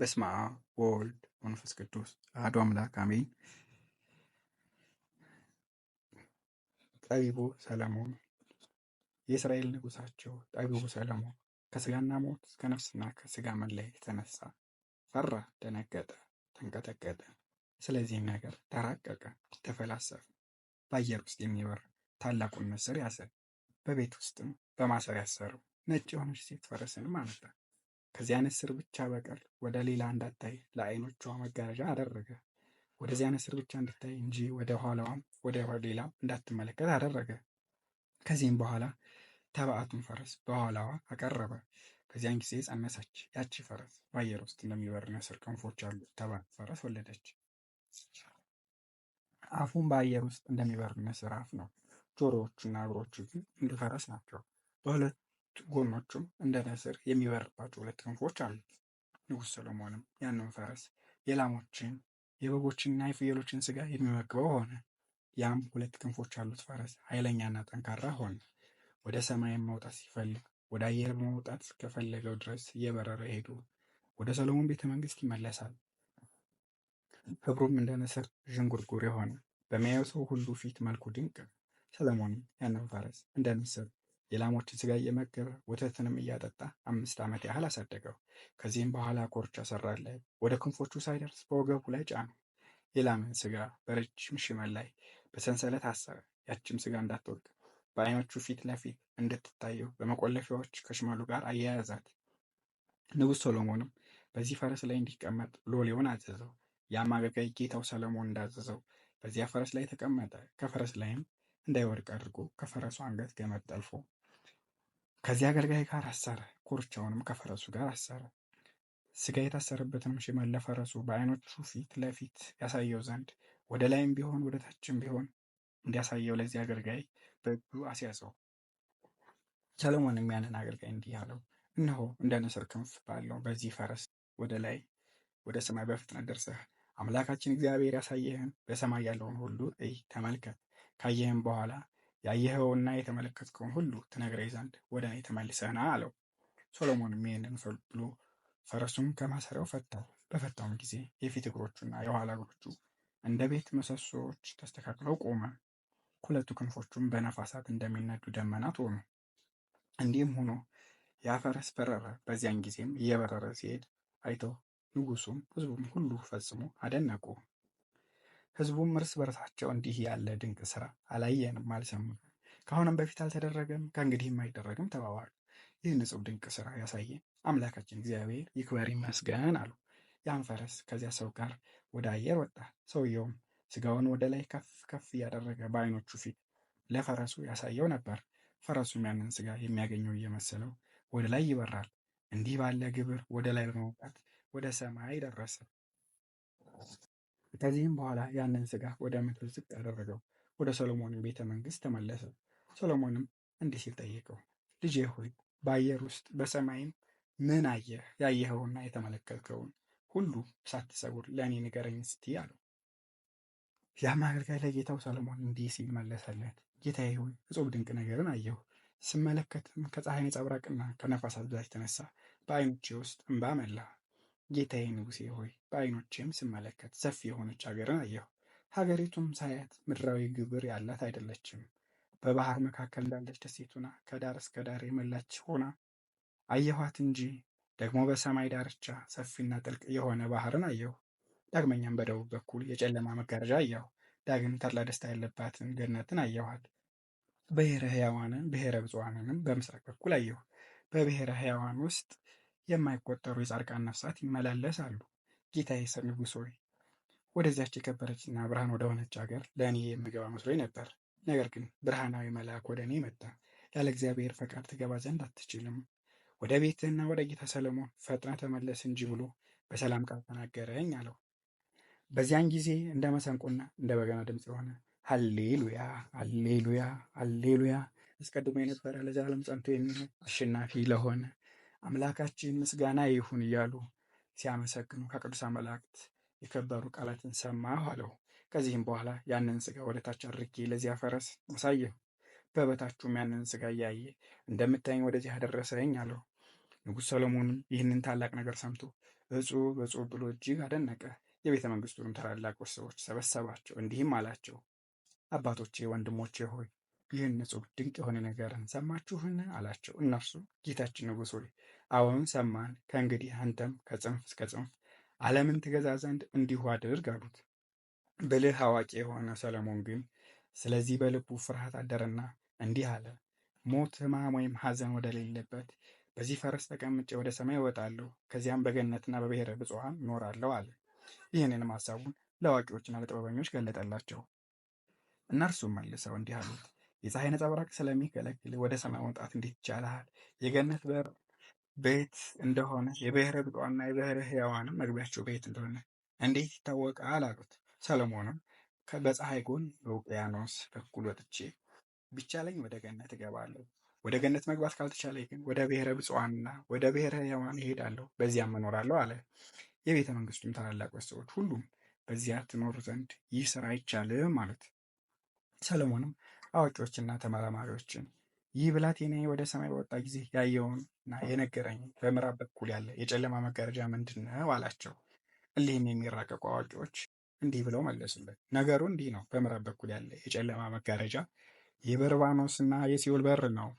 በስመ አብ ወወልድ ወመንፈስ ቅዱስ አሐዱ አምላክ አሜን። ጠቢቡ ሰለሞን የእስራኤል ንጉሳቸው ጠቢቡ ሰለሞን ከስጋና ሞት ከነፍስና ከስጋ መለያ የተነሳ ፈራ፣ ደነገጠ፣ ተንቀጠቀጠ። ስለዚህ ነገር ተራቀቀ፣ ተፈላሰፈ። በአየር ውስጥ የሚበር ታላቁን ንስር ያዘ። በቤት ውስጥም በማሰር ያሰረው ነጭ የሆነች ሴት ፈረስንም አመጣ። ከዚያ ንስር ብቻ በቀር ወደ ሌላ እንዳታይ ለአይኖቿ መጋረጃ አደረገ። ወደዚያ ንስር ብቻ እንድታይ እንጂ ወደ ኋላዋም ወደ ሌላ እንዳትመለከት አደረገ። ከዚህም በኋላ ተባዕቱን ፈረስ በኋላዋ አቀረበ። ከዚያን ጊዜ ጸነሰች። ያቺ ፈረስ በአየር ውስጥ እንደሚበር ንስር ክንፎች ያሉት ተባዕት ፈረስ ወለደች። አፉም በአየር ውስጥ እንደሚበር ንስር አፍ ነው። ጆሮዎቹና እግሮቹ ግን እንደ ፈረስ ናቸው። በሁለት ጎኖቹም እንደ ንስር የሚበርባቸው ሁለት ክንፎች አሉት። ንጉሥ ሰሎሞንም ያንን ፈረስ የላሞችን የበጎችንና የፍየሎችን ስጋ የሚመግበው ሆነ። ያም ሁለት ክንፎች ያሉት ፈረስ ኃይለኛና ጠንካራ ሆነ። ወደ ሰማይ መውጣት ሲፈልግ ወደ አየር መውጣት ከፈለገው ድረስ እየበረረ ሄዱ። ወደ ሰሎሞን ቤተ መንግሥት ይመለሳል። ሕብሩም እንደ ንስር ዥንጉርጉር የሆነ በሚያየው ሰው ሁሉ ፊት መልኩ ድንቅ። ሰለሞንም ያንን ፈረስ እንደ ንስር የላሞችን ስጋ እየመገበ ወተትንም እያጠጣ አምስት ዓመት ያህል አሳደገው። ከዚህም በኋላ ኮርቻ ሰራለት፣ ወደ ክንፎቹ ሳይደርስ በወገቡ ላይ ጫኑ። የላምን ስጋ በረጅም ሽመል ላይ በሰንሰለት አሰረ። ያችም ስጋ እንዳትወድቅ በአይኖቹ ፊት ለፊት እንድትታየው በመቆለፊያዎች ከሽመሉ ጋር አያያዛት። ንጉሥ ሰሎሞንም በዚህ ፈረስ ላይ እንዲቀመጥ ሎሌውን አዘዘው። ያም አገልጋይ ጌታው ሰለሞን እንዳዘዘው በዚያ ፈረስ ላይ ተቀመጠ። ከፈረስ ላይም እንዳይወድቅ አድርጎ ከፈረሱ አንገት ገመድ ጠልፎ ከዚህ አገልጋይ ጋር አሰረ፣ ኮርቻውንም ከፈረሱ ጋር አሰረ። ስጋ የታሰረበትንም ሽመል ለፈረሱ በአይኖቹ ፊት ለፊት ያሳየው ዘንድ ወደ ላይም ቢሆን ወደ ታችም ቢሆን እንዲያሳየው ለዚህ አገልጋይ በእጁ አስያዘው። ሰለሞንም ያንን አገልጋይ እንዲህ አለው፣ እነሆ እንደ ንስር ክንፍ ባለው በዚህ ፈረስ ወደ ላይ ወደ ሰማይ በፍጥነት ደርሰህ አምላካችን እግዚአብሔር ያሳየህን በሰማይ ያለውን ሁሉ እይ፣ ተመልከት። ካየህም በኋላ ያየኸውና የተመለከትከውን ሁሉ ትነግረኝ ዘንድ ወደ እኔ ተመልሰህ ና አለው። ሶሎሞንም ይህንን ብሎ ፈረሱም ከማሰሪያው ፈታው። በፈታውም ጊዜ የፊት እግሮቹና የኋላ እግሮቹ እንደ ቤት ምሰሶዎች ተስተካክለው ቆመ። ሁለቱ ክንፎቹም በነፋሳት እንደሚነዱ ደመናት ሆኑ። እንዲህም ሆኖ ያ ፈረስ በረረ። በዚያን ጊዜም እየበረረ ሲሄድ አይተው ንጉሱም ሕዝቡም ሁሉ ፈጽሞ አደነቁ። ህዝቡም እርስ በርሳቸው እንዲህ ያለ ድንቅ ስራ አላየንም፣ አልሰሙም፣ ከአሁንም በፊት አልተደረገም፣ ከእንግዲህም አይደረግም ተባባሉ። ይህን ንጹሕ ድንቅ ስራ ያሳየን አምላካችን እግዚአብሔር ይክበር ይመስገን አሉ። ያን ፈረስ ከዚያ ሰው ጋር ወደ አየር ወጣ። ሰውየውም ስጋውን ወደ ላይ ከፍ ከፍ እያደረገ በአይኖቹ ፊት ለፈረሱ ያሳየው ነበር። ፈረሱም ያንን ስጋ የሚያገኘው እየመሰለው ወደ ላይ ይበራል። እንዲህ ባለ ግብር ወደ ላይ በመውጣት ወደ ሰማይ ደረሰ። ከዚህም በኋላ ያንን ስጋ ወደ ምድር ዝቅ አደረገው፣ ወደ ሰሎሞን ቤተ መንግስት ተመለሰ። ሰሎሞንም እንዲህ ሲል ጠየቀው፣ ልጄ ሆይ በአየር ውስጥ በሰማይም ምን አየህ? ያየኸውና የተመለከትከውን ሁሉ ሳትሰውር ለእኔ ንገረኝ ስትይ አለው። ያም አገልጋይ ለጌታው ሰሎሞን እንዲህ ሲል መለሰለት፣ ጌታዬ ሆይ እጹብ ድንቅ ነገርን አየሁ። ስመለከትም ከፀሐይ ነጸብራቅና ከነፋሳት ብዛት የተነሳ በአይኖቼ ውስጥ እንባ መላ። ጌታዬ ንጉሴ ሆይ በዓይኖቼም ስመለከት ሰፊ የሆነች አገርን አየሁ። ሀገሪቱም ሳያት ምድራዊ ግብር ያላት አይደለችም። በባህር መካከል እንዳለች ደሴት ሆና ከዳር እስከ ዳር የመላች ሆና አየኋት እንጂ ደግሞ በሰማይ ዳርቻ ሰፊና ጥልቅ የሆነ ባህርን አየሁ። ዳግመኛም በደቡብ በኩል የጨለማ መጋረጃ አየሁ። ዳግም ተድላ ደስታ ያለባትን ገነትን አየኋት። ብሔረ ሕያዋንን ብሔረ ብፁዓንንም በምስራቅ በኩል አየሁ። በብሔረ ሕያዋን ውስጥ የማይቆጠሩ የጻድቃን ነፍሳት ይመላለሳሉ። ጌታዬ ሰው ንጉሥ ሆይ ወደዚያች የከበረችና ብርሃን ወደ ሆነች ሀገር ለእኔ የምገባ መስሎኝ ነበር። ነገር ግን ብርሃናዊ መልአክ ወደ እኔ መጣ። ያለ እግዚአብሔር ፈቃድ ትገባ ዘንድ አትችልም፣ ወደ ቤትህና ወደ ጌታ ሰለሞን ፈጥና ተመለስ እንጂ ብሎ በሰላም ቃል ተናገረኝ አለው። በዚያን ጊዜ እንደ መሰንቆና እንደ በገና ድምፅ የሆነ ሀሌሉያ ሃሌሉያ፣ ሃሌሉያ አስቀድሞ የነበረ ለዘላለም ጸንቶ የሚሆን አሸናፊ ለሆነ አምላካችን ምስጋና ይሁን እያሉ ሲያመሰግኑ ከቅዱሳን መላእክት የከበሩ ቃላትን ሰማሁ አለው። ከዚህም በኋላ ያንን ስጋ ወደታች አድርጌ ለዚያ ፈረስ አሳየሁ። በበታችሁም ያንን ስጋ እያየ እንደምታየኝ ወደዚህ አደረሰኝ አለው። ንጉሥ ሰሎሞንም ይህንን ታላቅ ነገር ሰምቶ እጹብ እጹብ ብሎ እጅግ አደነቀ። የቤተ መንግስቱንም ታላላቅ ሰዎች ሰበሰባቸው፣ እንዲህም አላቸው። አባቶቼ ወንድሞቼ ሆይ ይህን እጹብ ድንቅ የሆነ ነገርን ሰማችሁን? አላቸው። እነርሱ ጌታችን ንጉሥ ሆይ አዎን ሰማን፣ ከእንግዲህ አንተም ከጽንፍ እስከ ጽንፍ ዓለምን ትገዛ ዘንድ እንዲሁ አድርግ አሉት። ብልህ አዋቂ የሆነ ሰለሞን ግን ስለዚህ በልቡ ፍርሃት አደረና እንዲህ አለ። ሞት፣ ሕማም ወይም ሐዘን ወደሌለበት በዚህ ፈረስ ተቀምጬ ወደ ሰማይ እወጣለሁ፣ ከዚያም በገነትና በብሔረ ብፁዓን እኖራለሁ አለ። ይህንንም ሐሳቡን ለአዋቂዎችና ለጥበበኞች ገለጠላቸው። እነርሱም መልሰው እንዲህ አሉት፣ የፀሐይ ነጸብራቅ ስለሚከለክል ወደ ሰማይ መውጣት እንዴት ይቻልሃል? የገነት በር ቤት እንደሆነ የብሔረ ብጧና የብሔረ ሕያዋንም መግቢያቸው ቤት እንደሆነ እንዴት ይታወቃል አሉት። ሰለሞንም በፀሐይ ጎን በውቅያኖስ በኩል ወጥቼ ቢቻለኝ ወደ ገነት እገባለሁ። ወደ ገነት መግባት ካልተቻለ ግን ወደ ብሔረ ብፁዓንና ወደ ብሔረ ሕያዋን እሄዳለሁ፣ በዚያም እኖራለሁ አለ። የቤተ መንግስቱም ታላላቅ ሰዎች ሁሉም በዚያ ትኖሩ ዘንድ ይህ ስራ አይቻልም አሉት። ሰለሞንም አዋቂዎችና ተመራማሪዎችን ይህ ብላቴናዬ ወደ ሰማይ በወጣ ጊዜ ያየውን እና የነገረኝ በምዕራብ በኩል ያለ የጨለማ መጋረጃ ምንድን ነው አላቸው። እሊህም የሚራቀቁ አዋቂዎች እንዲህ ብለው መለሱለት፣ ነገሩ እንዲህ ነው። በምዕራብ በኩል ያለ የጨለማ መጋረጃ የበርባኖስና የሲኦል በር ነው።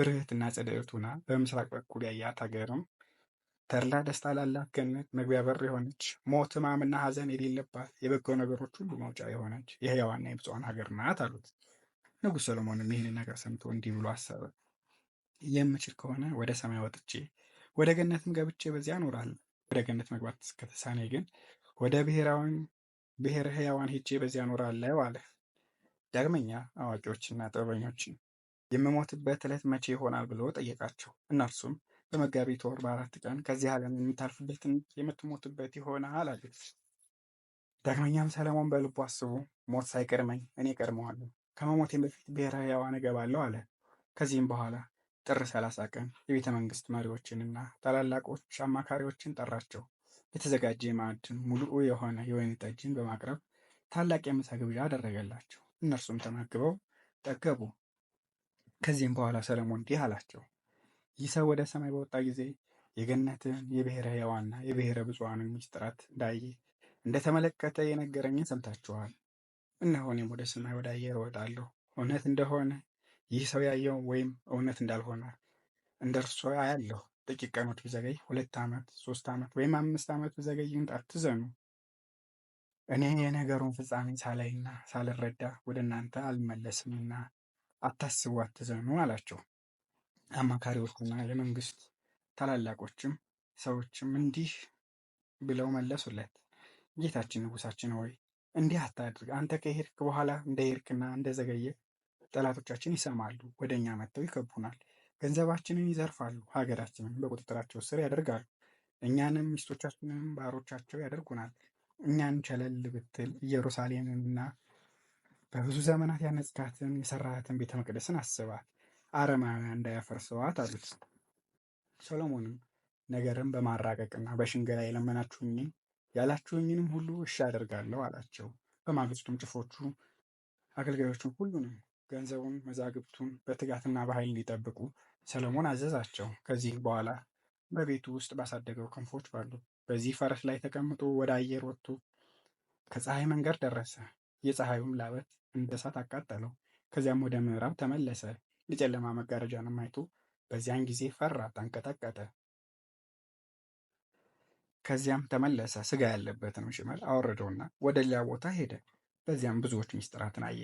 ብርህትና ጽድዕቱና በምስራቅ በኩል ያያት ሀገርም ተድላ ደስታ ላላት ገነት መግቢያ በር የሆነች ሞት፣ ሕማምና ሐዘን የሌለባት የበጎ ነገሮች ሁሉ መውጫ የሆነች የህያዋና የብፁዓን ሀገር ናት አሉት። ንጉሥ ሰሎሞንም ይህን ነገር ሰምቶ እንዲህ ብሎ አሰበ። የምችል ከሆነ ወደ ሰማይ ወጥቼ ወደ ገነትም ገብቼ በዚያ እኖራለሁ። ወደ ገነት መግባት እስከተሳኔ ግን ወደ ብሔራዊም ብሔር ሕያዋን ሄጄ በዚያ እኖራለሁ አለ። ዳግመኛ አዋቂዎችና ጥበበኞችን የምሞትበት ዕለት መቼ ይሆናል ብሎ ጠየቃቸው። እነርሱም በመጋቢት ወር በአራት ቀን ከዚህ ዓለም የምታልፍበትን የምትሞትበት ይሆናል አሉት። ዳግመኛም ሰለሞን በልቡ አስቡ ሞት ሳይቀድመኝ እኔ ቀድመዋለሁ ከመሞቴም በፊት ብሔራዊ አዋን እገባለሁ አለ። ከዚህም በኋላ ጥር 30 ቀን የቤተ መንግስት መሪዎችንና ታላላቆች አማካሪዎችን ጠራቸው። የተዘጋጀ የማዕድን ሙሉ የሆነ የወይን ጠጅን በማቅረብ ታላቅ የምሳ ግብዣ አደረገላቸው። እነርሱም ተመግበው ጠገቡ። ከዚህም በኋላ ሰለሞን እንዲህ አላቸው። ይህ ሰው ወደ ሰማይ በወጣ ጊዜ የገነትን የብሔረ ሕያዋንና የብሔረ ብፁዓንን ምስጢራት እንዳየ እንደተመለከተ የነገረኝን ሰምታችኋል። እነሆ እኔም ወደ ሰማይ ወደ አየር እወጣለሁ፣ እውነት እንደሆነ ይህ ሰው ያየው ወይም እውነት እንዳልሆነ እንደ እርሱ አያለሁ። ጥቂት ቀኖች ብዘገይ፣ ሁለት ዓመት፣ ሶስት ዓመት ወይም አምስት ዓመት ብዘገይ አትዘኑ። እኔ የነገሩን ፍጻሜ ሳላይና ሳልረዳ ወደ እናንተ አልመለስምና አታስቡ፣ አትዘኑ አላቸው። አማካሪዎቹና የመንግስት ታላላቆችም ሰዎችም እንዲህ ብለው መለሱለት፣ ጌታችን ንጉሳችን ሆይ እንዲህ አታድርግ፣ አንተ ከሄድክ በኋላ እንደሄድክና እንደዘገየ ጠላቶቻችን ይሰማሉ፣ ወደ እኛ መጥተው ይከቡናል፣ ገንዘባችንን ይዘርፋሉ፣ ሀገራችንን በቁጥጥራቸው ስር ያደርጋሉ፣ እኛንም ሚስቶቻችንንም ባሮቻቸው ያደርጉናል። እኛን ቸለል ብትል ኢየሩሳሌምንና በብዙ ዘመናት ያነጽካትን የሰራትን ቤተ መቅደስን አስባት፣ አረማውያን እንዳያፈርሰዋት አሉት። ሰሎሞንም ነገርን በማራቀቅና በሽንገላ የለመናችሁኝን ያላችሁኝንም ሁሉ እሺ አደርጋለሁ አላቸው። በማግስቱም ጭፍሮቹ አገልጋዮቹን ሁሉንም ገንዘቡን፣ መዛግብቱን በትጋትና በኃይል እንዲጠብቁ ሰለሞን አዘዛቸው። ከዚህ በኋላ በቤቱ ውስጥ ባሳደገው ክንፎች ባሉ በዚህ ፈረስ ላይ ተቀምጦ ወደ አየር ወጥቶ ከፀሐይ መንገድ ደረሰ። የፀሐዩም ላበት እንደ እሳት አቃጠለው። ከዚያም ወደ ምዕራብ ተመለሰ። የጨለማ መጋረጃንም አይቶ በዚያን ጊዜ ፈራ፣ ተንቀጠቀጠ። ከዚያም ተመለሰ፣ ስጋ ያለበትንም ሽመል አወረደውና ወደ ሌላ ቦታ ሄደ። በዚያም ብዙዎች ምስጢራትን አየ።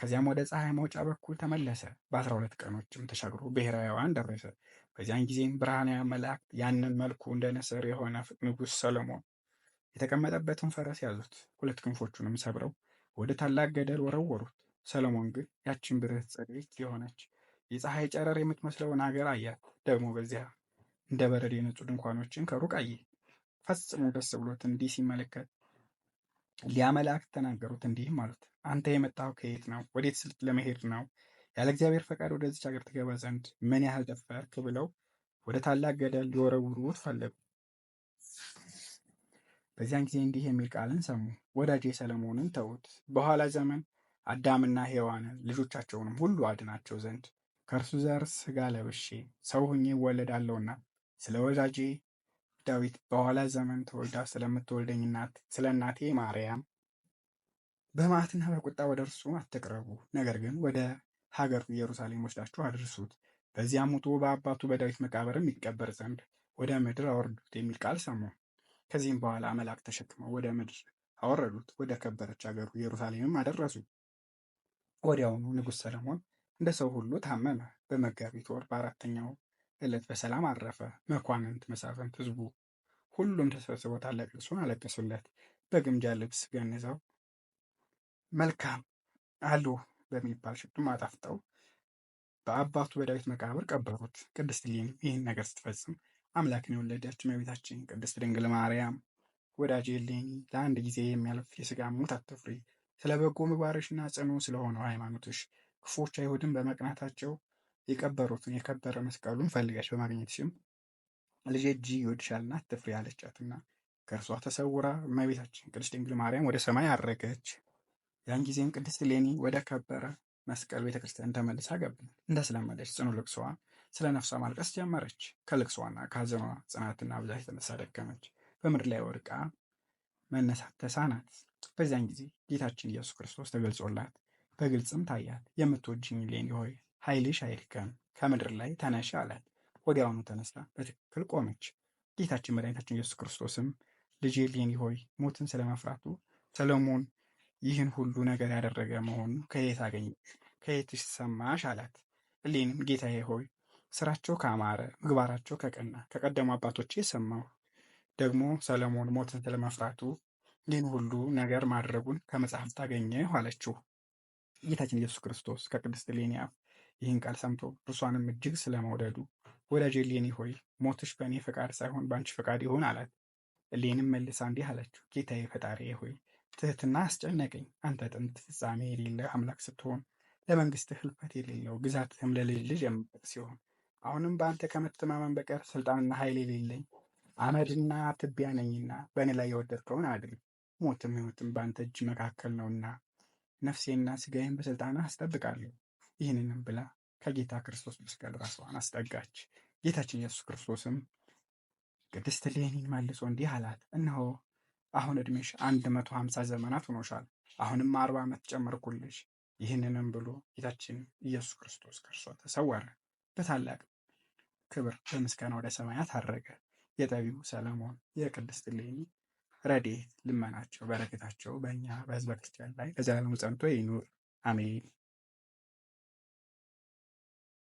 ከዚያም ወደ ፀሐይ መውጫ በኩል ተመለሰ። በአስራ ሁለት ቀኖችም ተሻግሮ ብሔራዊዋን ደረሰ። በዚያን ጊዜም ብርሃናውያን መላእክት ያንን መልኩ እንደ ንስር የሆነ ንጉሥ ሰሎሞን የተቀመጠበትን ፈረስ ያዙት፣ ሁለት ክንፎቹንም ሰብረው ወደ ታላቅ ገደል ወረወሩት። ሰሎሞን ግን ያችን ብረት ጸደይት የሆነች የፀሐይ ጨረር የምትመስለውን አገር አያት። ደግሞ በዚያ እንደ በረድ የነጹ ድንኳኖችን ከሩቅ አየ። ፈጽሞ ደስ ብሎት እንዲህ ሲመለከት ሊያ ተናገሩት፣ እንዲህም አሉት አንተ የመጣው ከየት ነው? ወዴት ስልት ለመሄድ ነው? ያለ እግዚአብሔር ፈቃድ ወደዚች ሀገር ትገባ ዘንድ ምን ያህል ደፈርክ? ብለው ወደ ታላቅ ገደል ሊወረውሩት ፈለጉ። በዚያን ጊዜ እንዲህ የሚል ቃልን ሰሙ፣ ወዳጄ ሰለሞንን ተዉት፣ በኋላ ዘመን አዳምና ሔዋንን ልጆቻቸውንም ሁሉ አድናቸው ዘንድ ከእርሱ ዘር ስጋ ለብሼ ሰው ሁኜ ወለዳለሁና ስለ ወዳጄ ዳዊት በኋላ ዘመን ተወልዳ ስለምትወልደኝ እናት ስለ እናቴ ማርያም በማዕትና በቁጣ ወደ እርሱ አትቅረቡ፣ ነገር ግን ወደ ሀገሩ ኢየሩሳሌም ወስዳችሁ አድርሱት፣ በዚያ ሙቶ በአባቱ በዳዊት መቃብርም ይቀበር ዘንድ ወደ ምድር አወርዱት የሚል ቃል ሰሙ። ከዚህም በኋላ መልአክ ተሸክመው ወደ ምድር አወረዱት፣ ወደ ከበረች ሀገሩ ኢየሩሳሌምም አደረሱ። ወዲያውኑ ንጉሥ ሰለሞን እንደ ሰው ሁሉ ታመመ። በመጋቢት ወር በአራተኛው ዕለት በሰላም አረፈ። መኳንንት፣ መሳፍንት፣ ህዝቡ ሁሉም ተሰብስበው ታላቅ ልቅሶን አለቀሱለት። በግምጃ ልብስ ገንዘው መልካም አሉ በሚባል ሽቱም አጣፍጠው በአባቱ በዳዊት መቃብር ቀበሩት። ቅድስት ሊን ይህን ነገር ስትፈጽም አምላክን የወለደች እመቤታችን ቅድስት ድንግል ማርያም ወዳጅ እሌኒ ለአንድ ጊዜ የሚያልፍ የስጋ ሞት አትፍሪ። ስለ በጎ ምግባርሽና ጽኑ ስለሆነው ሃይማኖትሽ ክፎች አይሁድን በመቅናታቸው የቀበሩትን የከበረ መስቀሉን ፈልጋች በማግኘት ሲም ልጄ እጅ ይወድሻልና አትፍሪ አለቻትና ከእርሷ ተሰውራ እመቤታችን ቅድስት ድንግል ማርያም ወደ ሰማይ አረገች። ያን ጊዜም ቅድስት ሌኒ ወደ ከበረ መስቀል ቤተ ክርስቲያን ተመልሳ ገባች። እንደስለመደች ጽኑ ልቅሷ ስለ ነፍሷ ማልቀስ ጀመረች። ከልቅሷና ከሐዘኗ ጽናትና ብዛት የተነሳ ደከመች። በምድር ላይ ወድቃ መነሳት ተሳናት። በዚያን ጊዜ ጌታችን ኢየሱስ ክርስቶስ ተገልጾላት በግልጽም ታያት። የምትወጅኝ ሌኒ ሆይ ኃይልሽ አይድከም ከምድር ላይ ተነሽ አላት። ወዲያውኑ ተነስታ በትክክል ቆመች። ጌታችን መድኃኒታችን ኢየሱስ ክርስቶስም ልጄ እሌኒ ሆይ ሞትን ስለመፍራቱ ሰለሞን ይህን ሁሉ ነገር ያደረገ መሆኑ ከየት አገኝ ከየት ይሰማሽ አላት። እሌኒም ጌታዬ ሆይ ስራቸው ካማረ ምግባራቸው ከቀና ከቀደሙ አባቶች የሰማሁ ደግሞ ሰለሞን ሞትን ስለመፍራቱ ይህን ሁሉ ነገር ማድረጉን ከመጽሐፍ ታገኘ አለችው። ጌታችን ኢየሱስ ክርስቶስ ከቅድስት እሌኒ አፍ ይህን ቃል ሰምቶ እርሷንም እጅግ ስለመውደዱ ወዳጄ እሌኒ ሆይ ሞትሽ በእኔ ፈቃድ ሳይሆን በአንቺ ፈቃድ ይሁን አላት። እሌኒም መልሳ እንዲህ አለችው፣ ጌታዬ ፈጣሪ ሆይ ትህትና አስጨነቀኝ። አንተ ጥንት ፍጻሜ የሌለ አምላክ ስትሆን ለመንግሥትህ ህልፈት የሌለው ግዛትህም ለልጅ ልጅ የሚበቅ ሲሆን አሁንም በአንተ ከመተማመን በቀር ስልጣንና ኃይል የሌለኝ አመድና ትቢያ ነኝና በእኔ ላይ የወደድከውን አድርግ። ሞትም ህይወትም በአንተ እጅ መካከል ነውና ነፍሴና ስጋዬን በስልጣንህ አስጠብቃለሁ። ይህንንም ብላ ከጌታ ክርስቶስ መስቀል ራሷን አስጠጋች። ጌታችን ኢየሱስ ክርስቶስም ቅድስት ሌኒን መልሶ እንዲህ አላት፣ እነሆ አሁን እድሜሽ አንድ መቶ ሀምሳ ዘመናት ሆኖሻል። አሁንም አርባ ዓመት ጨመርኩልሽ። ይህንንም ብሎ ጌታችን ኢየሱስ ክርስቶስ ከእርሷ ተሰወረ። በታላቅ ክብር በምስጋና ወደ ሰማያት አረገ። የጠቢቡ ሰለሞን የቅድስት ሌኒ ረዴት ልመናቸው፣ በረከታቸው በእኛ በሕዝበ ክርስቲያን ላይ ለዘላለሙ ጸንቶ ይኑር አሜን።